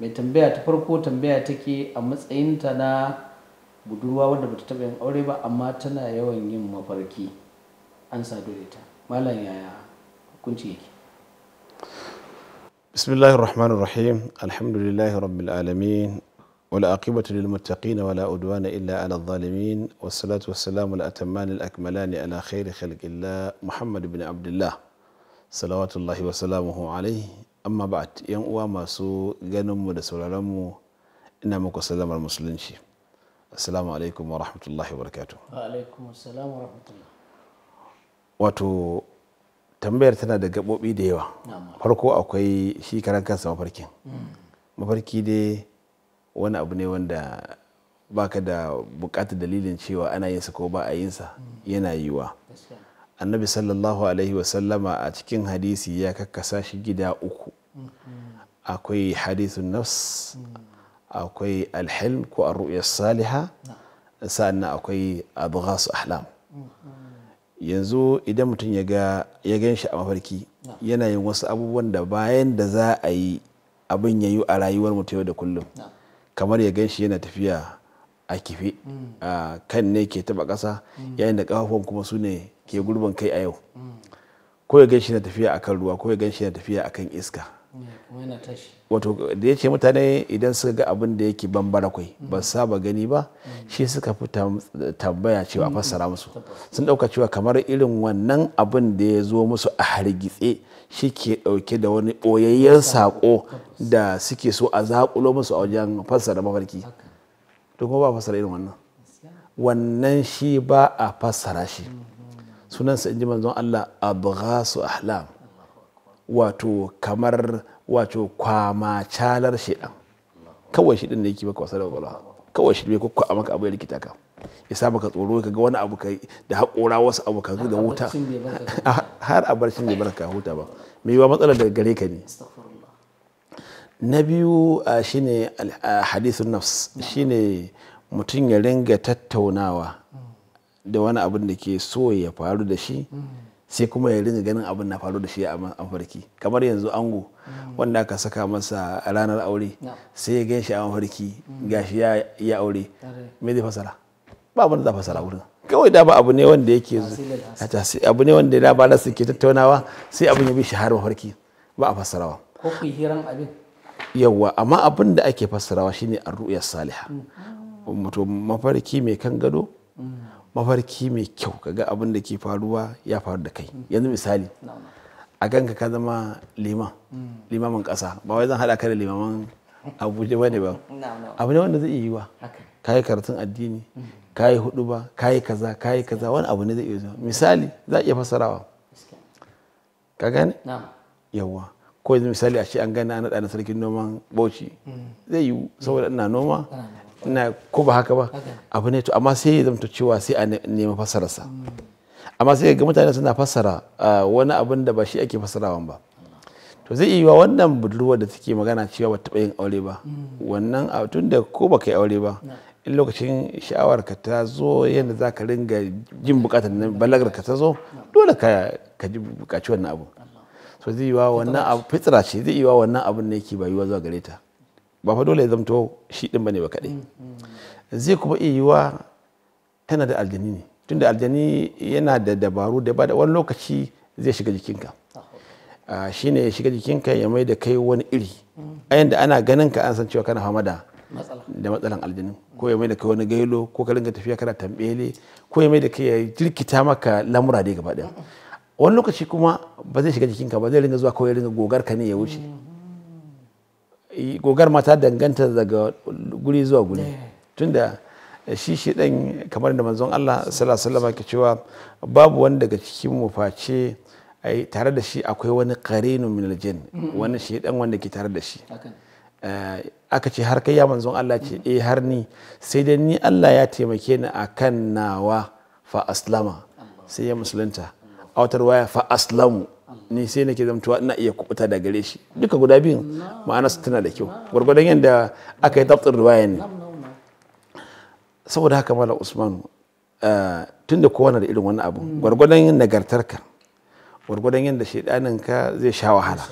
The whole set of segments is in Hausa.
mai tambaya ta farko tambaya take a matsayinta na budurwa wadda ba ta taba yin aure ba amma tana yawan yin mafarki an sadu da ita malam yaya hukunci yake bismillahir rahmanir rahim alhamdulillahi rabbil alamin wa la aqibatu lil muttaqin wa la udwana illa ala al zalimin wa salatu wa ala atman al akmalan ala khair khalqillah muhammad ibn abdullah salawatullahi wa salamuhu amma ba yan uwa masu ganinmu da sauraronmu ina muku salamar musulunci assalamu alaikum wa rahmatullahi wa barakatu wato tambayar tana da gaɓoɓi da yawa farko akwai shi karan kansa mafarkin mm. mafarki dai wani abu ne wanda baka da bukatar dalilin cewa ana yinsa ko ba a yinsa mm. yana yiwa annabi sallallahu alaihi wasallama a cikin hadisi ya kakkasa shi gida uku akwai hadithun nafs akwai alhilm ko arru'yar saliha sa'annan akwai abghasu ahlam yanzu idan mutum ya ganshi gan shi a mafarki yana yin wasu abubuwan da bayan da za a yi abin ya yi a rayuwar mutu yau da kullum kamar ya gan shi yana tafiya a kife a kan ne ke taba ƙasa yayin da ƙafafuwan kuma su ne ke gurbin kai a yau ko ya gan shi yana tafiya a kan ruwa ko ya gan shi yana tafiya a kan iska wato da ya ce mutane idan suka ga abin da yake bambara kwai mm. ba saba gani ba mm. shi suka fi tambaya cewa mm. fassara musu sun dauka cewa kamar irin wannan abin da ya zo musu a hargitse shi ke dauke da wani boyayyen sako da suke so a zakulo musu a wajen fassara mafarki to kuma ba fassara irin wannan wannan shi ba a fassara shi mm-hmm. sunansa in ji manzon Allah abghasu ahlam wato kamar wato kwama calar shedan kawai shedan ne yake maka wasa da kwakwalwa kawai shi bai kwakwa maka abu ya likita ka ya sa maka tsoro ka ga wani abu kai da haƙora wasu abu ka da wuta har a barcin bar barka ah, huta ba me yiwa matsalar daga gare ka ne na biyu ah, shine ah, hadithun nafs shine mutum ya ringa tattaunawa mm. da wani abin da ke so ya faru da shi mm. sai kuma ya ringa ganin abin na faru da shi a mafarki kamar yanzu ango mm. wanda aka saka masa ranar aure sai ya gan shi a mafarki mm. gashi ya aure me zai fasara ba abin da fasara wurin kawai da ba abu ne wanda yake abu ne wanda da ba da suke tattaunawa sai abin ya bi shi har mafarki ba a fasarawa ko abin yawwa amma abin da ake fasarawa shine ar-ru'ya salihah wato mm. mafarki mai kan gado mafarki mai kyau kaga abin da ke faruwa ya faru da kai yanzu misali a ganka ka zama liman limamin ƙasa ba wai zan haɗa ka da limaman abuja wani ba abu ne wanda zai iya yiwa ka yi karatun addini ka yi hudu ba ka yi kaza ka yi kaza wani abu ne zai iya zuwa misali za a iya fassarawa ka gane yawa ko yanzu misali a ce an gane an naɗa na sarkin noman bauchi mm. zai yiwu saboda ina noma na ko ba haka ba abu ne to amma sai ya zamta cewa sai a nema fassararsa amma sai ga mutane suna fassara wani abin da ba shi ake fassarawan ba to zai iya wannan budurwar da take magana cewa ba taɓa yin aure ba mm. wannan tun da ko ba yi aure ba in lokacin sha'awar ka ta zo yadda za ka ringa jin bukatar nan balagar ka ta zo dole ka ka ji bukaci wannan abu so zai wa wannan abu fitsira ce zai wa wannan abun ne yake bayuwa zuwa gare ta ba fa dole ya zamto shi din bane ba kadai zai kuma iya yiwa tana da aljani ne tunda aljani yana da dabaru da ba da wani lokaci zai shiga jikinka ah, shi ne ya shiga jikinka ya mai da kai wani iri a da ana ganin ka an san cewa kana hamada da matsalan aljinin ko ya mai da kai wani gailo ko ka ringa tafiya kana tambele ko ya mai da kai ya jirkita maka lamura dai gaba daya wani lokaci kuma ba zai shiga jikinka ba zai ringa zuwa kawai ringa gogar ka ne ya wuce Eh, gogar mata danganta daga guri zuwa guri eh. tunda eh, shi shi dan kamar da manzon Allah sallallahu alaihi cewa babu wani daga cikin mu face tare da shi akwai wani qarinu min aljin wani shi dan wanda ke tare da shi aka ce har kai ya manzon Allah ce eh har ni sai dai ni Allah ya taimake ni akan nawa fa aslama sai ya musulunta a waya fa aslamu ni sai nake zamtuwa ina iya kubuta da gare shi duka guda biyun ma'ana su tana da kyau gwargwadon yadda aka yi dabtar riwaya ne saboda haka mala usman eh, tunda da kowane da irin wani abu gwargwadon yin nagartarka gwargwadon yadda ka zai sha wahala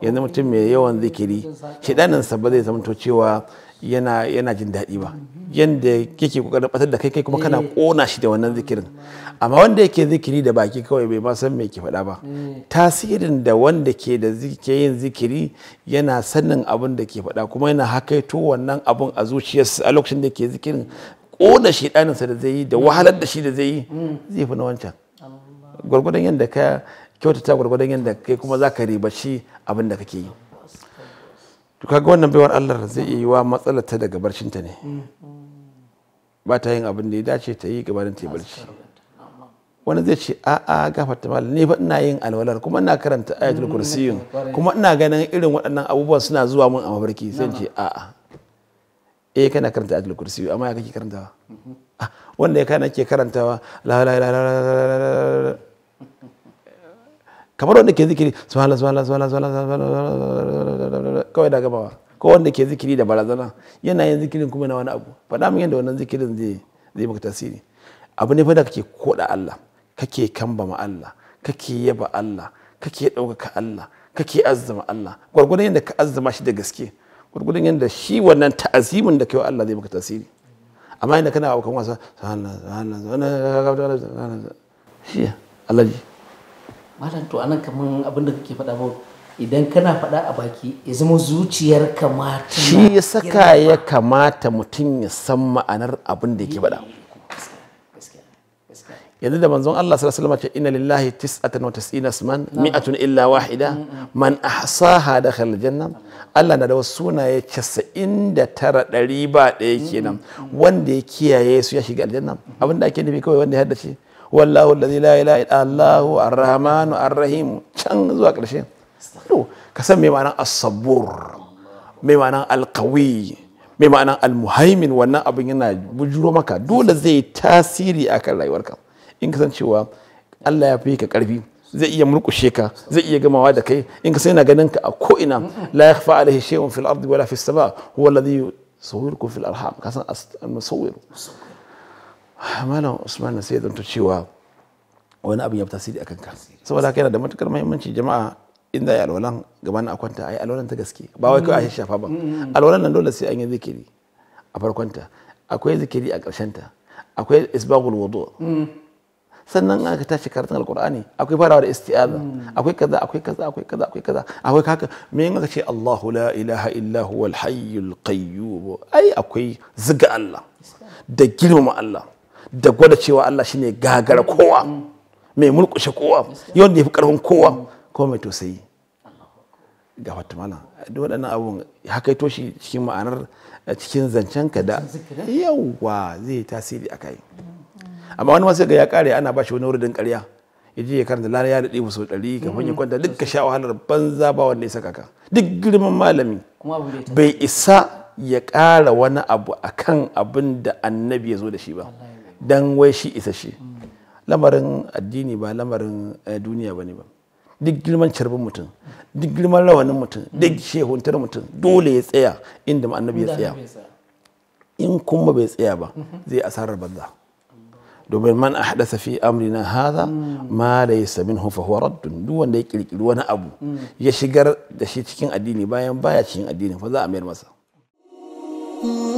yanzu mutum mai yawan zikiri shaiɗaninsa ba zai zamto cewa yana yana jin daɗi ba yanda yake kokarin batar da kai kai kuma kana kona eh. shi da wannan zikirin amma wanda yake zikiri da baki kawai bai ma san me ke faɗa ba eh. tasirin da wanda ke da ke yin zikiri yana sanin abin da ke faɗa kuma yana hakaito wannan abin a zuciyarsa a lokacin da ke zikirin kona shi ɗaninsa da zai yi da wahalar da shi da zai yi mm. zai fi na wancan gwargwadon yadda ka kyautata gwargwadon yadda kai kuma za ka ribaci abin da kake yi to kaga wannan baiwar Allah zai iya wa matsalar ta daga ta ne ba ta yin abin da ya dace ta yi gabanin ta barci wani zai ce a'a gafarta mal ne fa ina yin alwalar kuma ina karanta ayatul kuma ina ganin irin waɗannan abubuwan suna zuwa mun a mabarki sai ce a'a eh kana karanta ayatul kursiyi amma ya kake karantawa wanda ya kana ke karantawa la la la la kamar wanda ke zikiri subhanallah subhanallah subhanallah subhanallah kawai da gabawa ko wanda ke zikiri da barazana yana yin zikirin kuma na wani abu faɗa min yadda wannan zikirin zai zai maka tasiri abu ne fa da kake koda Allah kake kambama Allah kake yaba Allah kake ɗaukaka Allah kake azzama Allah gwargwadon yadda ka azzama shi da gaske gwargwadon yadda shi wannan ta'azimin da kai wa Allah zai maka tasiri amma inda kana abokan wasa subhanallah subhanallah subhanallah subhanallah ji. malam to anan kaman abinda kake faɗa ba idan kana faɗa a baki ya zama zuciyar kamata shi ya saka ya kamata mutum ya san ma'anar abin da yake faɗa yanzu da manzon Allah sallallahu alaihi wasallam ce inna lillahi tis'atan wa tis'ina asman mi'atun illa wahida mm, mm. man ahsaha dakhala janna Allah na da wasu sunaye 99 ɗari ba ɗaya kenan mm, wanda ya kiyaye su ya shiga aljanna abin da ake nufi kawai wanda ya haddace wallahu allazi la ilaha illa allahu arrahim can zuwa karshe? to ka san me ma'anar as-sabur me ma'anar al-qawi me ma'anar al-muhaimin wannan abin yana bujuro maka dole zai tasiri akan rayuwarka in ka san cewa Allah ya fi ka karfi zai iya murkushe ka zai iya gamawa da kai in ka sai na ganin ka a ko ina la yakhfa alaihi shay'un fil ardi wala fis sama huwa allazi yusawwirukum fil arham ka san as-musawwir malam usman sai zanto cewa wani abin ya tasiri akan ka saboda haka yana da matukar muhimmanci jama'a inda ya alwalan gabanin a kwanta ai alwalan ta gaske ba wai kawai a shafa ba alwalan nan dole sai an yi zikiri a farkonta akwai zikiri a ta akwai isbagul wudu sannan an ka tashi karatun alqur'ani akwai farawa da isti'aza akwai kaza akwai kaza akwai kaza akwai kaza akwai haka me yin ka ce Allahu la ilaha illa huwal hayyul qayyum ai akwai ziga Allah da girmama Allah da gwada cewa Allah shine gagara kowa mai mulkushe kowa da ya fi karfin kowa ko mai tausayi ga fatimala da waɗannan abun ya shi cikin ma'anar cikin zancen ka da yawa zai tasiri a kai amma wani masu ga ya kare ana ba shi wani wurin karya ya je ya karanta lana ya daɗe musu ɗari ka ya kwanta duk ka sha wahalar banza ba wanda ya saka ka duk girman malami bai isa ya ƙara wani abu akan abin da annabi ya zo da shi ba dan wai shi isa shi lamarin addini ba lamarin eh, duniya ba ne ba duk girman carbin mutum duk girman rawanin mutum duk shehuntar mutum dole ya tsaya inda annabi ya tsaya in kuma bai tsaya ba zai asarar banza domin man safi amri na haza mm. ma da ya sami hufa duk wanda ya kirkiri wani abu mm. ya shigar da shi cikin addini bayan baya cikin addini fa za a mayar masa